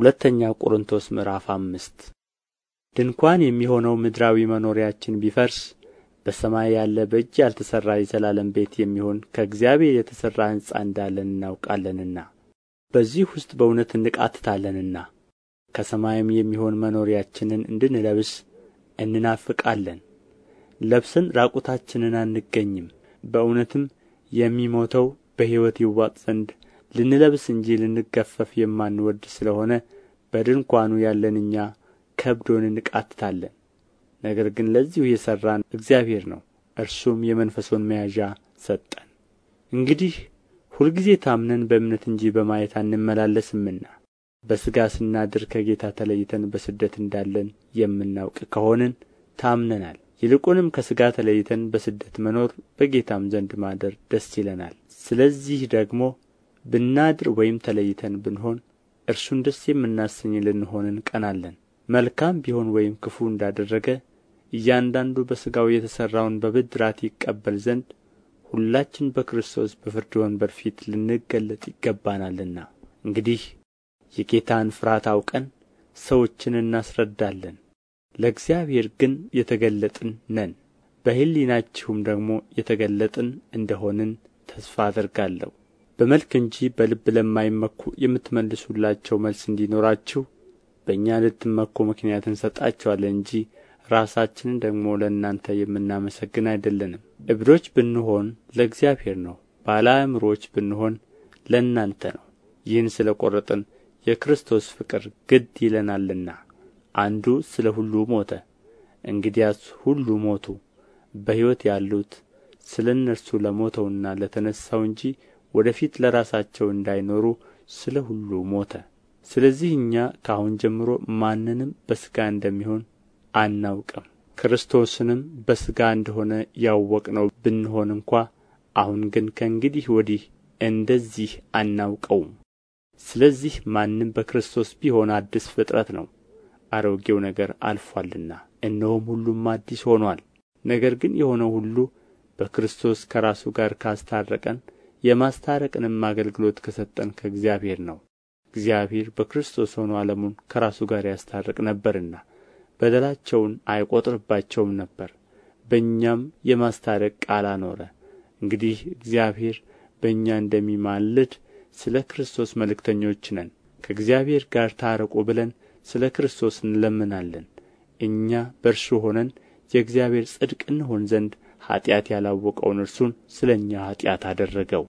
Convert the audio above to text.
ሁለተኛ ቆሮንቶስ ምዕራፍ አምስት ድንኳን የሚሆነው ምድራዊ መኖሪያችን ቢፈርስ በሰማይ ያለ በእጅ ያልተሠራ የዘላለም ቤት የሚሆን ከእግዚአብሔር የተሠራ ሕንፃ እንዳለን እናውቃለንና በዚህ ውስጥ በእውነት እንቃትታለንና ከሰማይም የሚሆን መኖሪያችንን እንድንለብስ እንናፍቃለን። ለብሰን ራቁታችንን አንገኝም፣ በእውነትም የሚሞተው በሕይወት ይዋጥ ዘንድ ልንለብስ እንጂ ልንገፈፍ የማንወድ ስለ ሆነ በድንኳኑ ያለን እኛ ከብዶን እንቃትታለን ነገር ግን ለዚሁ የሠራን እግዚአብሔር ነው እርሱም የመንፈሱን መያዣ ሰጠን እንግዲህ ሁልጊዜ ታምነን በእምነት እንጂ በማየት አንመላለስምና በሥጋ ስናድር ከጌታ ተለይተን በስደት እንዳለን የምናውቅ ከሆንን ታምነናል። ይልቁንም ከሥጋ ተለይተን በስደት መኖር በጌታም ዘንድ ማደር ደስ ይለናል። ስለዚህ ደግሞ ብናድር ወይም ተለይተን ብንሆን እርሱን ደስ የምናሰኝ ልንሆን እንቀናለን መልካም ቢሆን ወይም ክፉ እንዳደረገ እያንዳንዱ በሥጋው የተሠራውን በብድራት ይቀበል ዘንድ ሁላችን በክርስቶስ በፍርድ ወንበር ፊት ልንገለጥ ይገባናልና እንግዲህ የጌታን ፍርሃት አውቀን ሰዎችን እናስረዳለን ለእግዚአብሔር ግን የተገለጥን ነን በሕሊናችሁም ደግሞ የተገለጥን እንደሆንን ተስፋ አደርጋለሁ በመልክ እንጂ በልብ ለማይመኩ የምትመልሱላቸው መልስ እንዲኖራችሁ በእኛ ልትመኩ ምክንያት እንሰጣችኋለን እንጂ ራሳችንን ደግሞ ለእናንተ የምናመሰግን አይደለንም። እብዶች ብንሆን ለእግዚአብሔር ነው፣ ባለአእምሮዎች ብንሆን ለእናንተ ነው። ይህን ስለ ቈረጥን የክርስቶስ ፍቅር ግድ ይለናልና። አንዱ ስለ ሁሉ ሞተ፣ እንግዲያስ ሁሉ ሞቱ። በሕይወት ያሉት ስለ እነርሱ ለሞተውና ለተነሣው እንጂ ወደ ፊት ለራሳቸው እንዳይኖሩ ስለ ሁሉ ሞተ ስለዚህ እኛ ከአሁን ጀምሮ ማንንም በሥጋ እንደሚሆን አናውቅም ክርስቶስንም በሥጋ እንደሆነ ያወቅነው ብንሆን እንኳ አሁን ግን ከእንግዲህ ወዲህ እንደዚህ አናውቀውም ስለዚህ ማንም በክርስቶስ ቢሆን አዲስ ፍጥረት ነው አሮጌው ነገር አልፏልና እነሆም ሁሉም አዲስ ሆኗል ነገር ግን የሆነው ሁሉ በክርስቶስ ከራሱ ጋር ካስታረቀን የማስታረቅንም አገልግሎት ከሰጠን ከእግዚአብሔር ነው እግዚአብሔር በክርስቶስ ሆኖ ዓለሙን ከራሱ ጋር ያስታርቅ ነበርና በደላቸውን አይቆጥርባቸውም ነበር በእኛም የማስታረቅ ቃል አኖረ እንግዲህ እግዚአብሔር በእኛ እንደሚማልድ ስለ ክርስቶስ መልእክተኞች ነን ከእግዚአብሔር ጋር ታረቁ ብለን ስለ ክርስቶስ እንለምናለን እኛ በእርሱ ሆነን የእግዚአብሔር ጽድቅ እንሆን ዘንድ ኃጢአት ያላወቀውን እርሱን ስለ እኛ ኃጢአት አደረገው